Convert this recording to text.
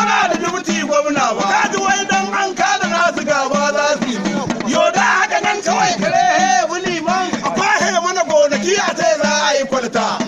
zauna da dubuti gwamna ba kaji wai dan an kada nasu gaba za su yi yo da haka nan kawai kare he wuli a kwahe mana gonaki a ce za a yi kwalta